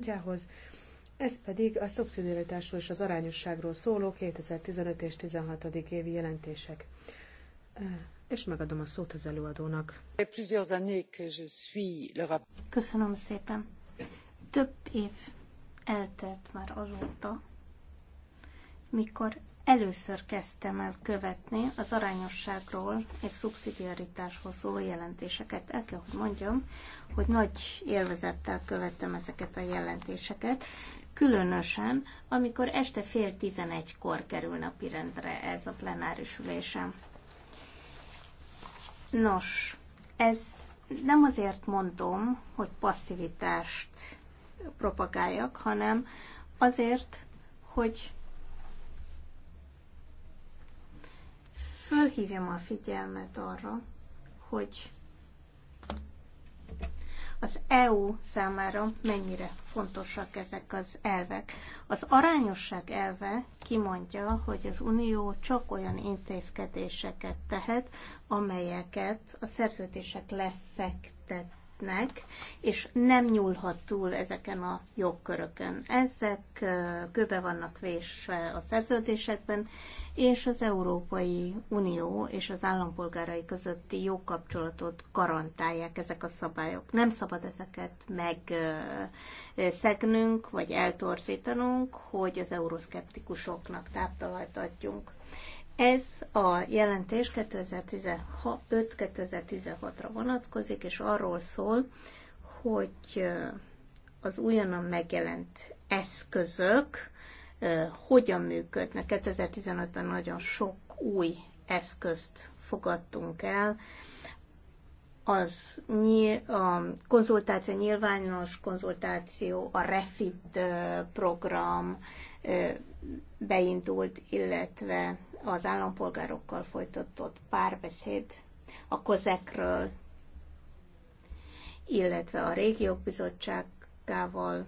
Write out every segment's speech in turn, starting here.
kutyához. Ez pedig a szubszidiaritásról és az arányosságról szóló 2015 és 16. évi jelentések. És megadom a szót az előadónak. Köszönöm szépen. Több év eltelt már azóta, mikor Először kezdtem el követni az arányosságról és szubszidiaritásról szóló jelentéseket. El kell, hogy mondjam, hogy nagy élvezettel követtem ezeket a jelentéseket, különösen, amikor este fél tizenegykor kerül napirendre ez a plenáris ülésem. Nos, ez nem azért mondom, hogy passzivitást propagáljak, hanem azért, hogy felhívjam a figyelmet arra, hogy az EU számára mennyire fontosak ezek az elvek. Az arányosság elve kimondja, hogy az Unió csak olyan intézkedéseket tehet, amelyeket a szerződések lefektet lehetnek, és nem nyúlhat túl ezeken a jogkörökön. Ezek köbe vannak vésve a szerződésekben, és az Európai Unió és az állampolgárai közötti jogkapcsolatot garantálják ezek a szabályok. Nem szabad ezeket megszegnünk, vagy eltorzítanunk, hogy az euroszkeptikusoknak táptalajt adjunk. Ez a jelentés 2015-2016-ra vonatkozik, és arról szól, hogy az újonnan megjelent eszközök hogyan működnek. 2015-ben nagyon sok új eszközt fogadtunk el, az a konzultáció, nyilvános konzultáció, a Refit program beindult, illetve az állampolgárokkal folytatott párbeszéd a kozekről, illetve a régiók bizottságával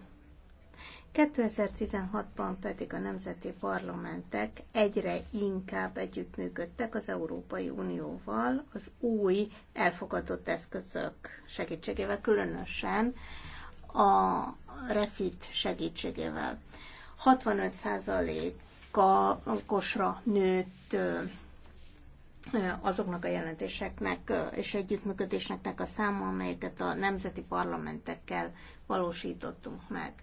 2016-ban pedig a nemzeti parlamentek egyre inkább együttműködtek az Európai Unióval az új elfogadott eszközök segítségével, különösen a REFIT segítségével. 65% kosra nőtt azoknak a jelentéseknek és együttműködésnek a száma, amelyeket a nemzeti parlamentekkel valósítottunk meg.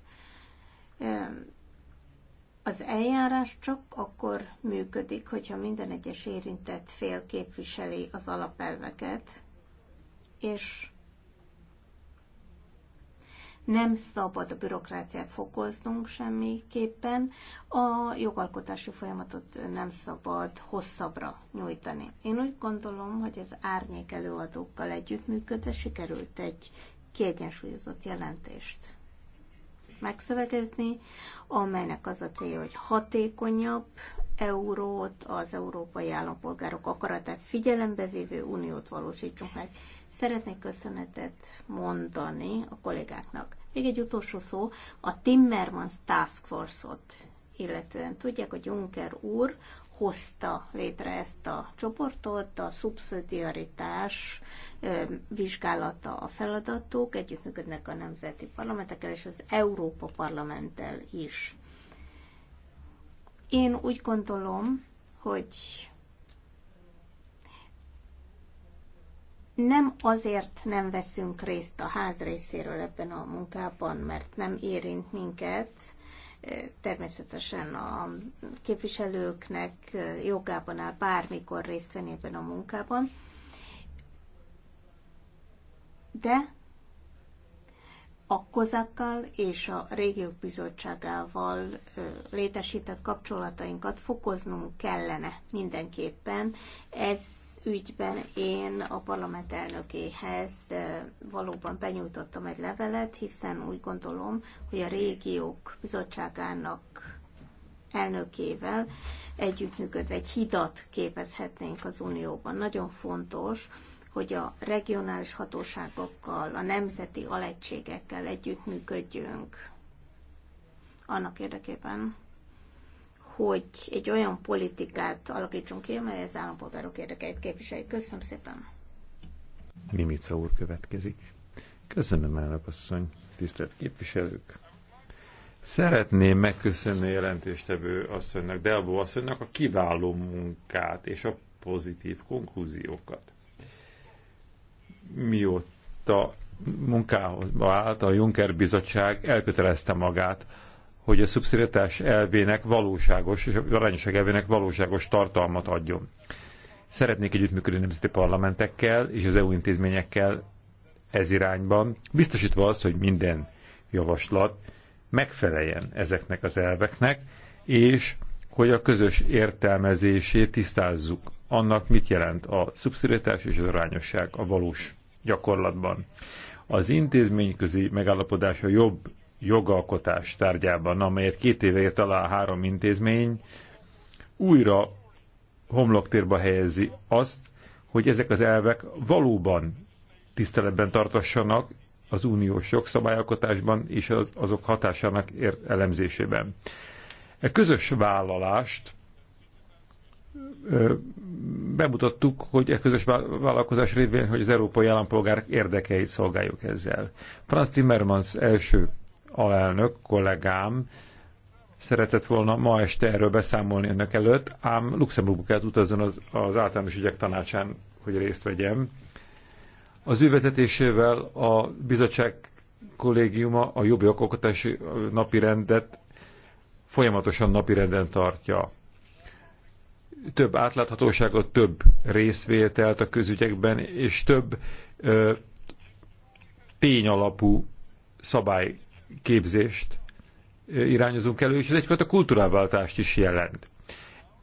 Az eljárás csak akkor működik, hogyha minden egyes érintett fél képviseli az alapelveket, és nem szabad a bürokráciát fokoznunk semmiképpen, a jogalkotási folyamatot nem szabad hosszabbra nyújtani. Én úgy gondolom, hogy az árnyék előadókkal együttműködve sikerült egy kiegyensúlyozott jelentést megszövegezni, amelynek az a célja, hogy hatékonyabb eurót, az európai állampolgárok akaratát figyelembe vévő uniót valósítsunk meg. Szeretnék köszönetet mondani a kollégáknak. Még egy utolsó szó, a Timmermans Task Force-ot illetően tudják, hogy Juncker úr hozta létre ezt a csoportot, a szubszidiaritás vizsgálata a feladatok, együttműködnek a nemzeti parlamentekkel és az Európa parlamenttel is. Én úgy gondolom, hogy nem azért nem veszünk részt a ház részéről ebben a munkában, mert nem érint minket. Természetesen a képviselőknek jogában áll bármikor részt venni ebben a munkában. De a kozakkal és a régiók bizottságával létesített kapcsolatainkat fokoznunk kellene mindenképpen. Ez ügyben én a parlament elnökéhez valóban benyújtottam egy levelet, hiszen úgy gondolom, hogy a régiók bizottságának elnökével együttműködve egy hidat képezhetnénk az Unióban. Nagyon fontos, hogy a regionális hatóságokkal, a nemzeti alegységekkel együttműködjünk annak érdekében, hogy egy olyan politikát alakítsunk ki, amely az állampolgárok érdekeit képviseli. Köszönöm szépen. Mimica úr következik. Köszönöm, elnök asszony, tisztelt képviselők. Szeretném megköszönni a jelentéstevő asszonynak, Delbo asszonynak a kiváló munkát és a pozitív konklúziókat. Mióta munkához állt a Juncker Bizottság elkötelezte magát hogy a szubszidiatás elvének valóságos, és a arányosság elvének valóságos tartalmat adjon. Szeretnék együttműködni nemzeti parlamentekkel és az EU intézményekkel ez irányban, biztosítva azt, hogy minden javaslat megfeleljen ezeknek az elveknek, és hogy a közös értelmezését tisztázzuk annak, mit jelent a szubszidiatás és az arányosság a valós gyakorlatban. Az intézményközi megállapodása jobb jogalkotás tárgyában, amelyet két éve ért alá három intézmény, újra homloktérbe helyezi azt, hogy ezek az elvek valóban tiszteletben tartassanak az uniós jogszabályalkotásban és az, azok hatásának ért elemzésében. E közös vállalást bemutattuk, hogy a e közös vállalkozás révén, hogy az európai állampolgárok érdekeit szolgáljuk ezzel. Franz Timmermans első alelnök, kollégám szeretett volna ma este erről beszámolni önök előtt, ám Luxemburgba kellett utazzon az, az általános ügyek tanácsán, hogy részt vegyem. Az ő vezetésével a bizottság kollégiuma a jobb okotási napi rendet folyamatosan napirenden tartja. Több átláthatóságot, több részvételt a közügyekben, és több ö, tényalapú szabály képzést irányozunk elő, és ez egyfajta kultúráváltást is jelent.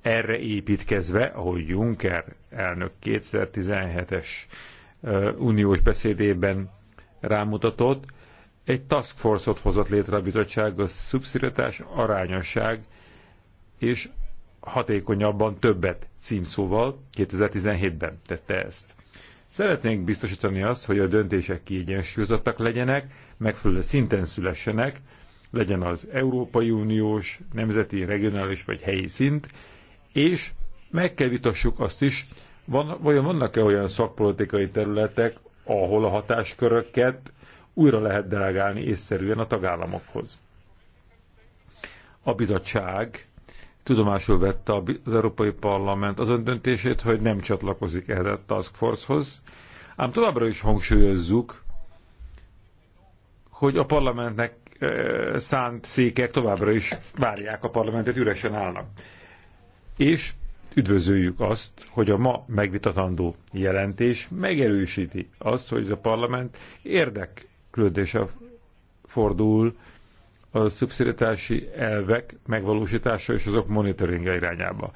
Erre építkezve, ahogy Juncker elnök 2017-es uniós beszédében rámutatott, egy task force-ot hozott létre a bizottság, a szubszidiatás, arányosság és hatékonyabban többet címszóval 2017-ben tette ezt. Szeretnénk biztosítani azt, hogy a döntések kiegyensúlyozottak legyenek, megfelelő szinten szülessenek, legyen az Európai Uniós, nemzeti, regionális vagy helyi szint, és meg kell vitassuk azt is, van, vajon vannak-e olyan szakpolitikai területek, ahol a hatásköröket újra lehet delegálni észszerűen a tagállamokhoz. A bizottság tudomásul vette az Európai Parlament az döntését, hogy nem csatlakozik ehhez a Task Force-hoz, ám továbbra is hangsúlyozzuk, hogy a parlamentnek szánt székek továbbra is várják a parlamentet, üresen állnak. És üdvözöljük azt, hogy a ma megvitatandó jelentés megerősíti azt, hogy a parlament érdeklődése fordul a szubszidiatási elvek megvalósítása és azok monitoringja irányába.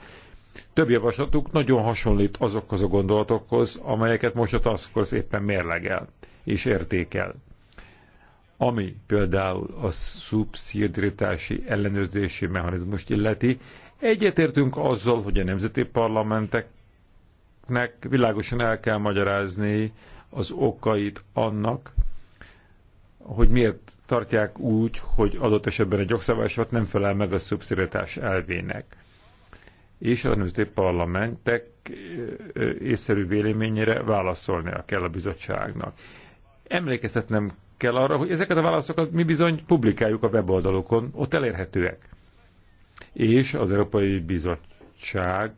Több javaslatuk nagyon hasonlít azokhoz a gondolatokhoz, amelyeket most a taskhoz éppen mérlegel és értékel. Ami például a szubszidritási ellenőrzési mechanizmust illeti, egyetértünk azzal, hogy a nemzeti parlamenteknek világosan el kell magyarázni az okait annak, hogy miért tartják úgy, hogy adott esetben egy jogszabályosat nem felel meg a szubszidiaritás elvének. És a nemzeti parlamentek észszerű véleményére válaszolnia kell a bizottságnak. Emlékeztetnem kell arra, hogy ezeket a válaszokat mi bizony publikáljuk a weboldalokon, ott elérhetőek. És az Európai Bizottság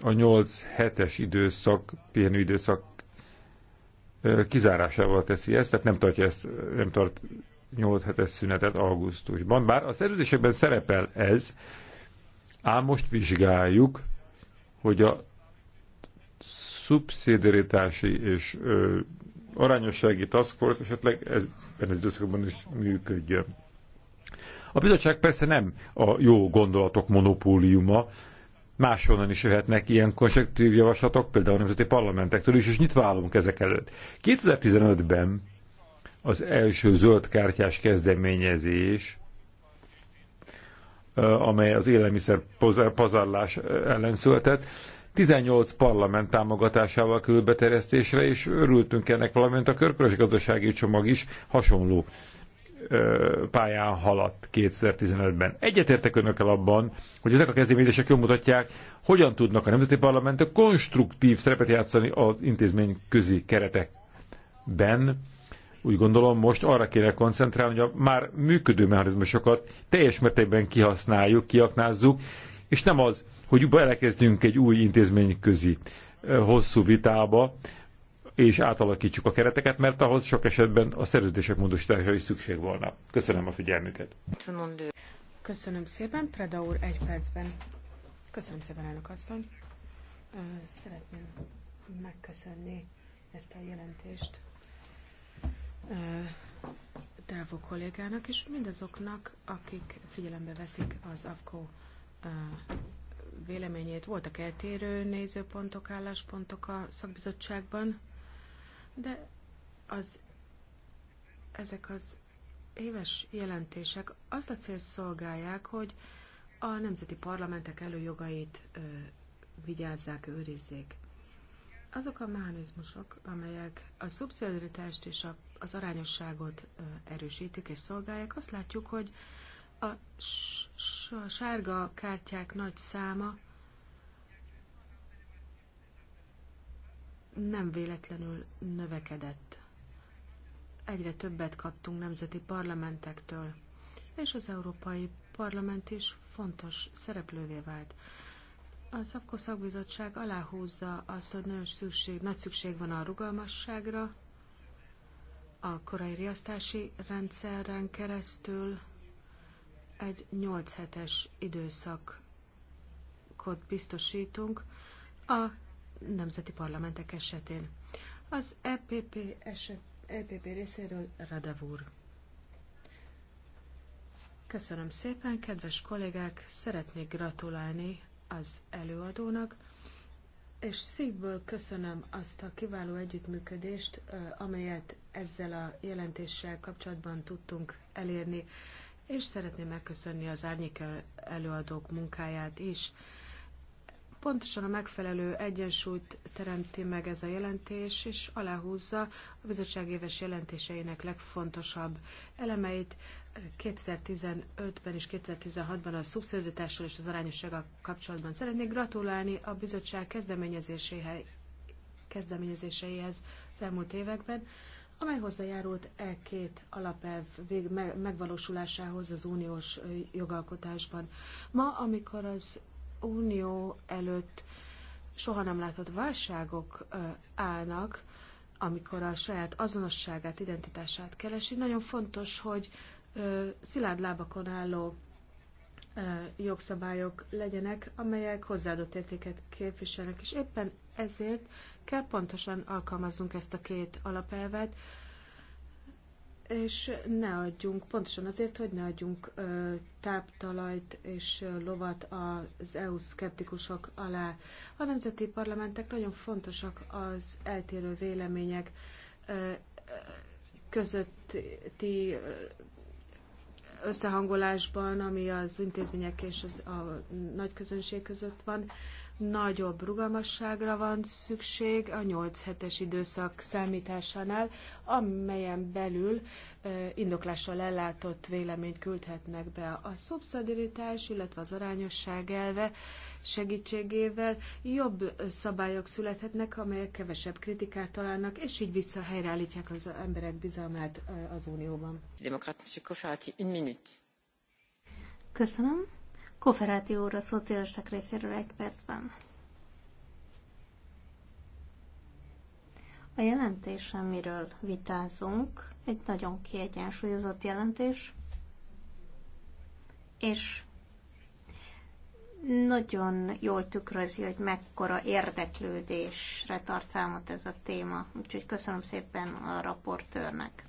a 8 hetes időszak, pihenőidőszak kizárásával teszi ezt, tehát nem tartja ezt, nem tart 8 hetes szünetet augusztusban. Bár a szerződésekben szerepel ez, ám most vizsgáljuk, hogy a szubszidiaritási és ö, arányossági task force esetleg ez, ebben az időszakban is működjön. A bizottság persze nem a jó gondolatok monopóliuma, máshonnan is jöhetnek ilyen konstruktív javaslatok, például a nemzeti parlamentektől is, és nyitva állunk ezek előtt. 2015-ben az első zöld kártyás kezdeményezés, amely az élelmiszer pazarlás ellen született, 18 parlament támogatásával kerül beterjesztésre, és örültünk ennek, valamint a körkörös gazdasági csomag is hasonló pályán haladt 2015-ben. Egyetértek önökkel abban, hogy ezek a kezdeményezések jól mutatják, hogyan tudnak a nemzeti parlamentek konstruktív szerepet játszani az intézmény közi keretekben. Úgy gondolom, most arra kéne koncentrálni, hogy a már működő mechanizmusokat teljes mértékben kihasználjuk, kiaknázzuk, és nem az hogy belekezdjünk egy új intézményközi hosszú vitába, és átalakítsuk a kereteket, mert ahhoz sok esetben a szerződések módosítása is szükség volna. Köszönöm a figyelmüket. Köszönöm szépen, Preda úr, egy percben. Köszönöm szépen, elnök asszony. Szeretném megköszönni ezt a jelentést Delvo kollégának, és mindazoknak, akik figyelembe veszik az AFKO véleményét. Voltak eltérő nézőpontok, álláspontok a szakbizottságban, de az, ezek az éves jelentések azt a célt szolgálják, hogy a nemzeti parlamentek előjogait ö, vigyázzák, őrizzék. Azok a mechanizmusok, amelyek a szubszidiaritást és a, az arányosságot ö, erősítik és szolgálják, azt látjuk, hogy a, a sárga kártyák nagy száma nem véletlenül növekedett. Egyre többet kaptunk nemzeti parlamentektől, és az Európai Parlament is fontos szereplővé vált. A Szabko Szakbizottság aláhúzza azt, hogy nagyon szükség, nagy szükség van a rugalmasságra, a korai riasztási rendszeren keresztül, egy 8 hetes időszakot biztosítunk a nemzeti parlamentek esetén. Az EPP, eset, EPP részéről Radevúr. Köszönöm szépen, kedves kollégák, szeretnék gratulálni az előadónak, és szívből köszönöm azt a kiváló együttműködést, amelyet ezzel a jelentéssel kapcsolatban tudtunk elérni és szeretném megköszönni az árnyék előadók munkáját is. Pontosan a megfelelő egyensúlyt teremti meg ez a jelentés, és aláhúzza a bizottság éves jelentéseinek legfontosabb elemeit. 2015-ben és 2016-ban a szubszidiatással és az arányossággal kapcsolatban szeretnék gratulálni a bizottság kezdeményezéséhez, kezdeményezéseihez az elmúlt években amely hozzájárult e két alapelv vég megvalósulásához az uniós jogalkotásban. Ma, amikor az unió előtt soha nem látott válságok állnak, amikor a saját azonosságát, identitását keresi, nagyon fontos, hogy szilárd lábakon álló jogszabályok legyenek, amelyek hozzáadott értéket képviselnek, és éppen ezért kell pontosan alkalmaznunk ezt a két alapelvet, és ne adjunk, pontosan azért, hogy ne adjunk ö, táptalajt és ö, lovat az EU szkeptikusok alá. A nemzeti parlamentek nagyon fontosak az eltérő vélemények ö, közötti összehangolásban, ami az intézmények és az, a nagy közönség között van nagyobb rugalmasságra van szükség a 8 hetes időszak számításánál, amelyen belül indoklással ellátott véleményt küldhetnek be a szubszidiaritás, illetve az arányosság elve segítségével jobb szabályok születhetnek, amelyek kevesebb kritikát találnak, és így vissza helyreállítják az emberek bizalmát az Unióban. Demokrat, Monsieur Koferati, une Köszönöm. Koferáti úr a szocialisták részéről egy percben. A jelentés, amiről vitázunk, egy nagyon kiegyensúlyozott jelentés, és nagyon jól tükrözi, hogy mekkora érdeklődésre tart számot ez a téma. Úgyhogy köszönöm szépen a raportőrnek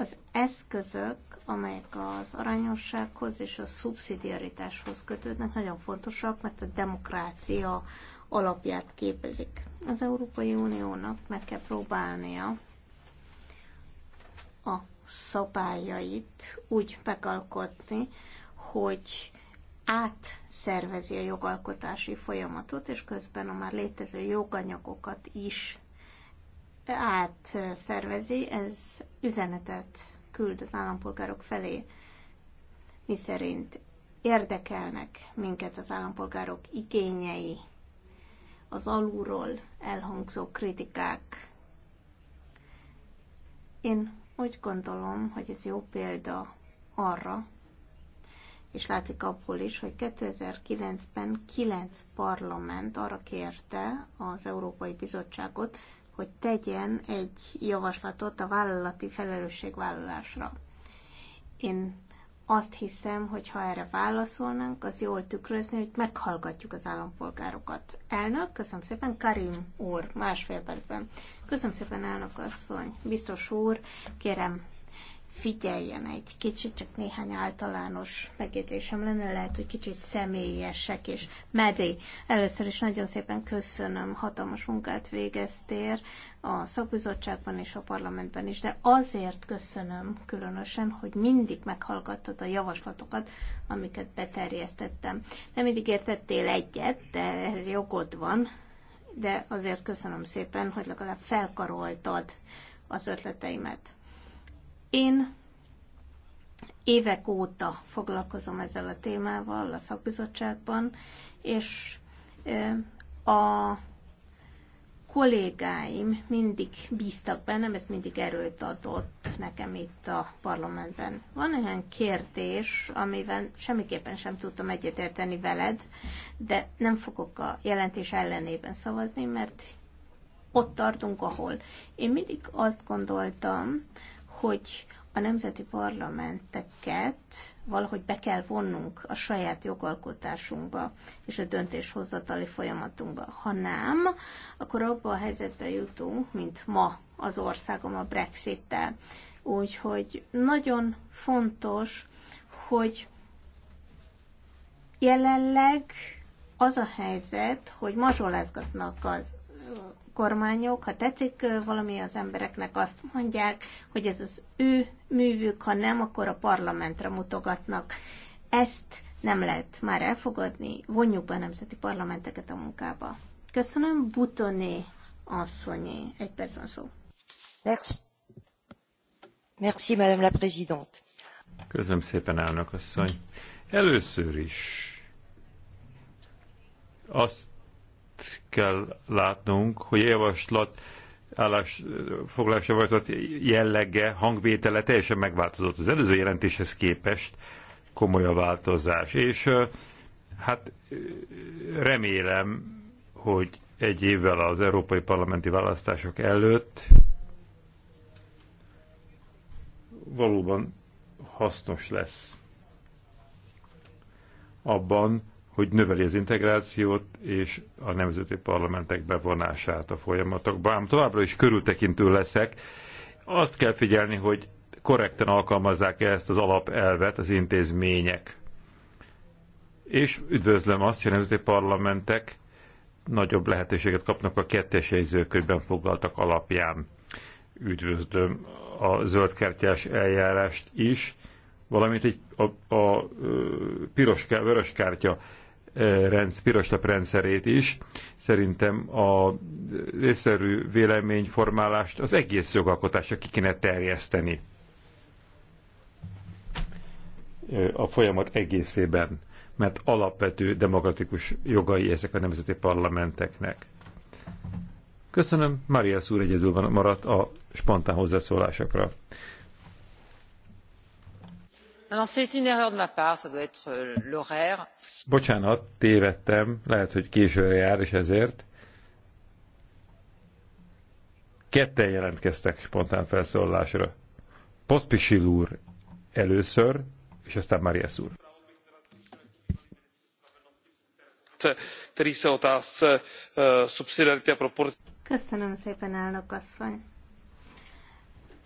az eszközök, amelyek az arányossághoz és a szubszidiaritáshoz kötődnek, nagyon fontosak, mert a demokrácia alapját képezik. Az Európai Uniónak meg kell próbálnia a szabályait úgy megalkotni, hogy átszervezi a jogalkotási folyamatot, és közben a már létező joganyagokat is átszervezi, ez üzenetet küld az állampolgárok felé, miszerint érdekelnek minket az állampolgárok igényei, az alulról elhangzó kritikák. Én úgy gondolom, hogy ez jó példa arra, és látszik abból is, hogy 2009-ben 9 parlament arra kérte az Európai Bizottságot, hogy tegyen egy javaslatot a vállalati felelősségvállalásra. Én azt hiszem, hogy ha erre válaszolnánk, az jól tükrözni, hogy meghallgatjuk az állampolgárokat. Elnök, köszönöm szépen, Karim úr, másfél percben. Köszönöm szépen, elnök asszony, biztos úr, kérem, figyeljen egy kicsit, csak néhány általános megjegyzésem lenne, lehet, hogy kicsit személyesek, és Medi, először is nagyon szépen köszönöm, hatalmas munkát végeztél a szakbizottságban és a parlamentben is, de azért köszönöm különösen, hogy mindig meghallgattad a javaslatokat, amiket beterjesztettem. Nem mindig értettél egyet, de ez jogod van, de azért köszönöm szépen, hogy legalább felkaroltad az ötleteimet. Én évek óta foglalkozom ezzel a témával a szakbizottságban, és a kollégáim mindig bíztak bennem, ez mindig erőt adott nekem itt a parlamentben. Van olyan kérdés, amivel semmiképpen sem tudtam egyetérteni veled, de nem fogok a jelentés ellenében szavazni, mert ott tartunk, ahol. Én mindig azt gondoltam, hogy a nemzeti parlamenteket valahogy be kell vonnunk a saját jogalkotásunkba és a döntéshozatali folyamatunkba. Ha nem, akkor abba a helyzetbe jutunk, mint ma az országom a Brexit-tel. Úgyhogy nagyon fontos, hogy jelenleg az a helyzet, hogy mazsolázgatnak az kormányok, ha tetszik valami az embereknek azt mondják, hogy ez az ő művük, ha nem, akkor a parlamentre mutogatnak. Ezt nem lehet már elfogadni, vonjuk be a nemzeti parlamenteket a munkába. Köszönöm, Butoné asszonyé. Egy perc van szó. Merci. Merci, Madame la Présidente. Köszönöm szépen, elnök asszony. Először is azt kell látnunk, hogy a javaslat állásfoglalása javaslat jellege, hangvétele teljesen megváltozott az előző jelentéshez képest komoly a változás. És hát remélem, hogy egy évvel az európai parlamenti választások előtt valóban hasznos lesz abban, hogy növeli az integrációt és a nemzeti parlamentek bevonását a folyamatokba. Ám továbbra is körültekintő leszek. Azt kell figyelni, hogy korrekten alkalmazzák -e ezt az alapelvet az intézmények. És üdvözlöm azt, hogy a nemzeti parlamentek nagyobb lehetőséget kapnak a kettes jegyzőkönyvben foglaltak alapján. Üdvözlöm a zöldkártyás eljárást is, valamint egy, a, a, a piros, vörös kártya rendsz, lap rendszerét is. Szerintem a észszerű véleményformálást az egész jogalkotásra ki kéne terjeszteni a folyamat egészében, mert alapvető demokratikus jogai ezek a nemzeti parlamenteknek. Köszönöm, Maria Szúr egyedül maradt a spontán hozzászólásokra. Bocsánat, tévedtem, lehet, hogy későre jár, és ezért. Ketten jelentkeztek spontán felszólalásra. Poszpisil úr először, és aztán Marias úr. Eh, Köszönöm szépen, elnök asszony.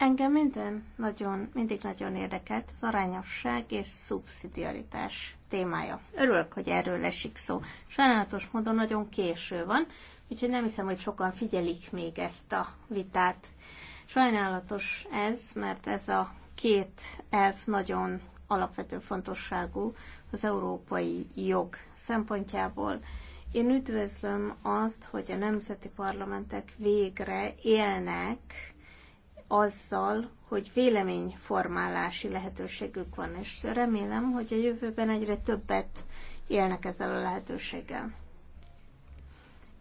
Engem minden nagyon, mindig nagyon érdekelt az arányosság és szubszidiaritás témája. Örülök, hogy erről esik szó. Sajnálatos módon nagyon késő van, úgyhogy nem hiszem, hogy sokan figyelik még ezt a vitát. Sajnálatos ez, mert ez a két elf nagyon alapvető fontosságú az európai jog szempontjából. Én üdvözlöm azt, hogy a nemzeti parlamentek végre élnek azzal, hogy véleményformálási lehetőségük van, és remélem, hogy a jövőben egyre többet élnek ezzel a lehetőséggel.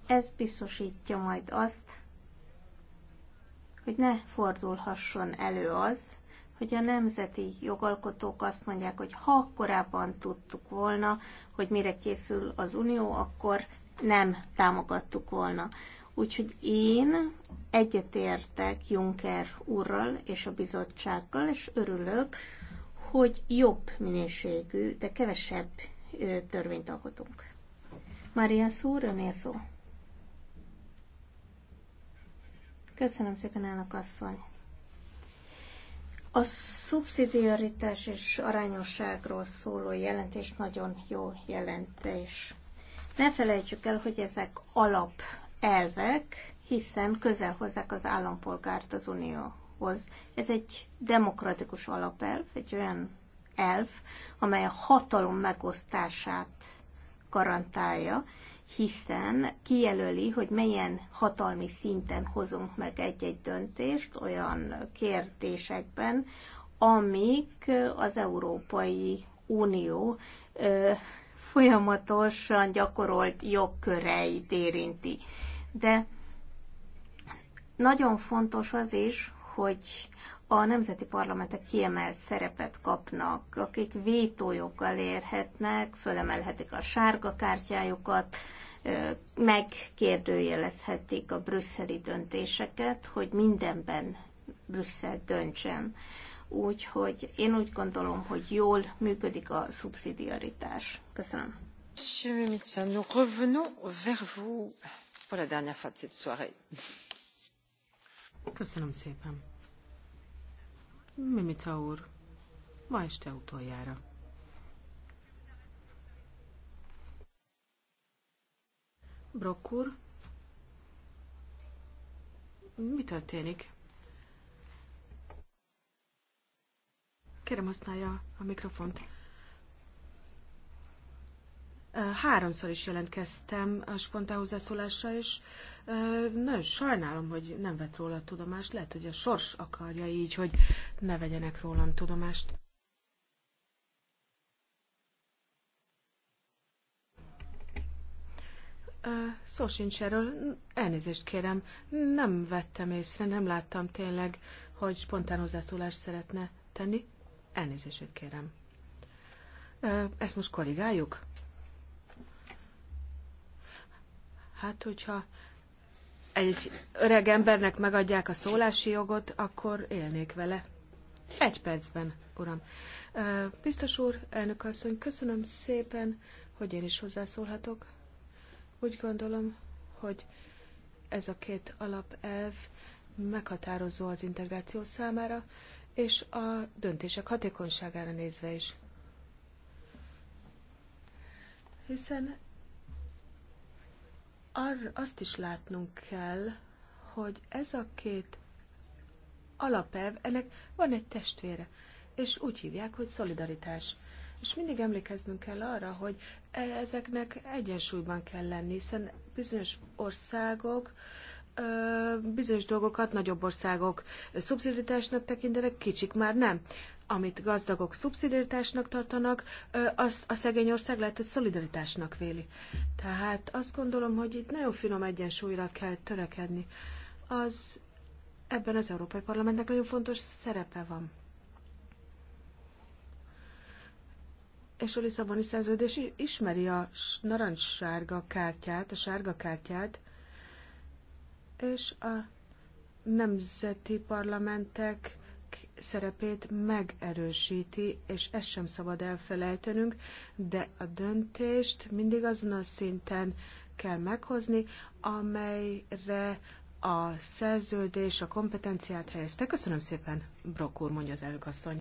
Ez biztosítja majd azt, hogy ne fordulhasson elő az, hogy a nemzeti jogalkotók azt mondják, hogy ha korábban tudtuk volna, hogy mire készül az Unió, akkor nem támogattuk volna. Úgyhogy én egyetértek Juncker úrral és a bizottsággal, és örülök, hogy jobb minőségű, de kevesebb törvényt alkotunk. Maria úr, önél szó. Köszönöm szépen, elnök asszony. A szubszidiaritás és arányosságról szóló jelentés nagyon jó jelentés. Ne felejtsük el, hogy ezek alap elvek, hiszen közel hozzák az állampolgárt az unióhoz. Ez egy demokratikus alapelv, egy olyan elv, amely a hatalom megosztását garantálja, hiszen kijelöli, hogy milyen hatalmi szinten hozunk meg egy-egy döntést olyan kérdésekben, amik az Európai Unió ö, folyamatosan gyakorolt jogköreit érinti de nagyon fontos az is, hogy a nemzeti parlamentek kiemelt szerepet kapnak, akik vétójoggal érhetnek, fölemelhetik a sárga kártyájukat, megkérdőjelezhetik a brüsszeli döntéseket, hogy mindenben Brüsszel döntsen. Úgyhogy én úgy gondolom, hogy jól működik a szubszidiaritás. Köszönöm. Monsieur nous revenons vers vous. Köszönöm szépen. Mimica úr, ma este utoljára. Brock úr, mi történik? Kérem, használja a mikrofont. Háromszor is jelentkeztem a spontán hozzászólásra, és nagyon sajnálom, hogy nem vett róla a tudomást. Lehet, hogy a sors akarja így, hogy ne vegyenek rólam tudomást. Szó sincs erről. Elnézést kérem. Nem vettem észre, nem láttam tényleg, hogy spontán hozzászólást szeretne tenni. Elnézést kérem. Ezt most korrigáljuk? Hát, hogyha egy öreg embernek megadják a szólási jogot, akkor élnék vele. Egy percben, uram. Biztos úr, elnök asszony, köszönöm szépen, hogy én is hozzászólhatok. Úgy gondolom, hogy ez a két alapelv meghatározó az integráció számára, és a döntések hatékonyságára nézve is. Hiszen arra azt is látnunk kell, hogy ez a két alapelv, ennek van egy testvére, és úgy hívják, hogy szolidaritás. És mindig emlékeznünk kell arra, hogy e, ezeknek egyensúlyban kell lenni, hiszen bizonyos országok, bizonyos dolgokat nagyobb országok szubszidiaritásnak tekintenek, kicsik már nem amit gazdagok szubszidiaritásnak tartanak, azt a szegény ország lehet, hogy szolidaritásnak véli. Tehát azt gondolom, hogy itt nagyon finom egyensúlyra kell törekedni. Az ebben az Európai Parlamentnek nagyon fontos szerepe van. És a Lisszaboni szerződés ismeri a narancssárga kártyát, a sárga kártyát, és a nemzeti parlamentek szerepét megerősíti, és ezt sem szabad elfelejtenünk, de a döntést mindig azon a szinten kell meghozni, amelyre a szerződés a kompetenciát helyezte. Köszönöm szépen, Brok úr, mondja az elnökasszony.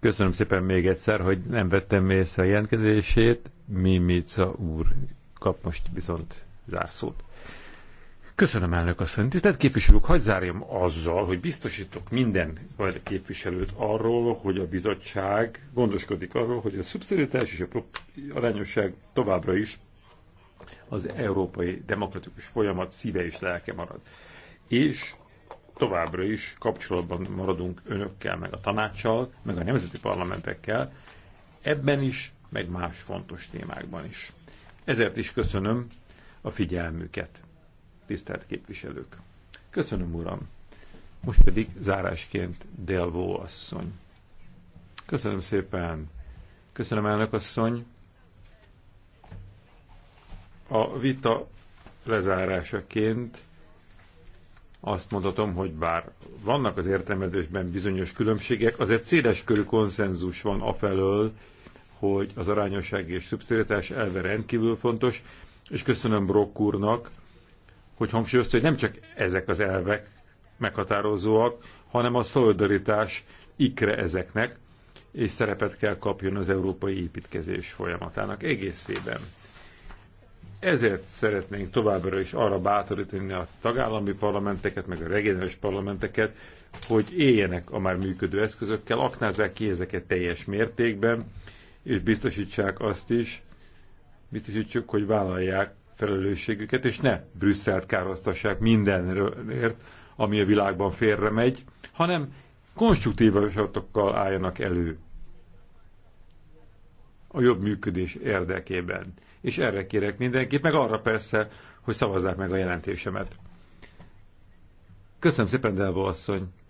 Köszönöm szépen még egyszer, hogy nem vettem észre a jelentkezését. Mimica úr kap most viszont zárszót. Köszönöm, elnök asszony. Tisztelt képviselők, hagyj zárjam azzal, hogy biztosítok minden vagy képviselőt arról, hogy a bizottság gondoskodik arról, hogy a szubszidiaritás és a arányosság továbbra is az európai demokratikus folyamat szíve és lelke marad. És továbbra is kapcsolatban maradunk önökkel, meg a tanácssal, meg a nemzeti parlamentekkel, ebben is, meg más fontos témákban is. Ezért is köszönöm a figyelmüket tisztelt képviselők. Köszönöm, Uram! Most pedig zárásként Delvó asszony. Köszönöm szépen! Köszönöm, elnök asszony! A vita lezárásaként azt mondhatom, hogy bár vannak az értelmezésben bizonyos különbségek, azért széles körű konszenzus van afelől, hogy az arányosság és szubszidiaritás elve rendkívül fontos, és köszönöm Brock úrnak, hogy hangsúlyozta, hogy nem csak ezek az elvek meghatározóak, hanem a szolidaritás ikre ezeknek, és szerepet kell kapjon az európai építkezés folyamatának egészében. Ezért szeretnénk továbbra is arra bátorítani a tagállami parlamenteket, meg a regionális parlamenteket, hogy éljenek a már működő eszközökkel, aknázzák ki ezeket teljes mértékben, és biztosítsák azt is, biztosítsuk, hogy vállalják felelősségüket, és ne Brüsszelt károztassák mindenért, ami a világban félre megy, hanem konstruktív javaslatokkal álljanak elő a jobb működés érdekében. És erre kérek mindenkit, meg arra persze, hogy szavazzák meg a jelentésemet. Köszönöm szépen, Delva asszony!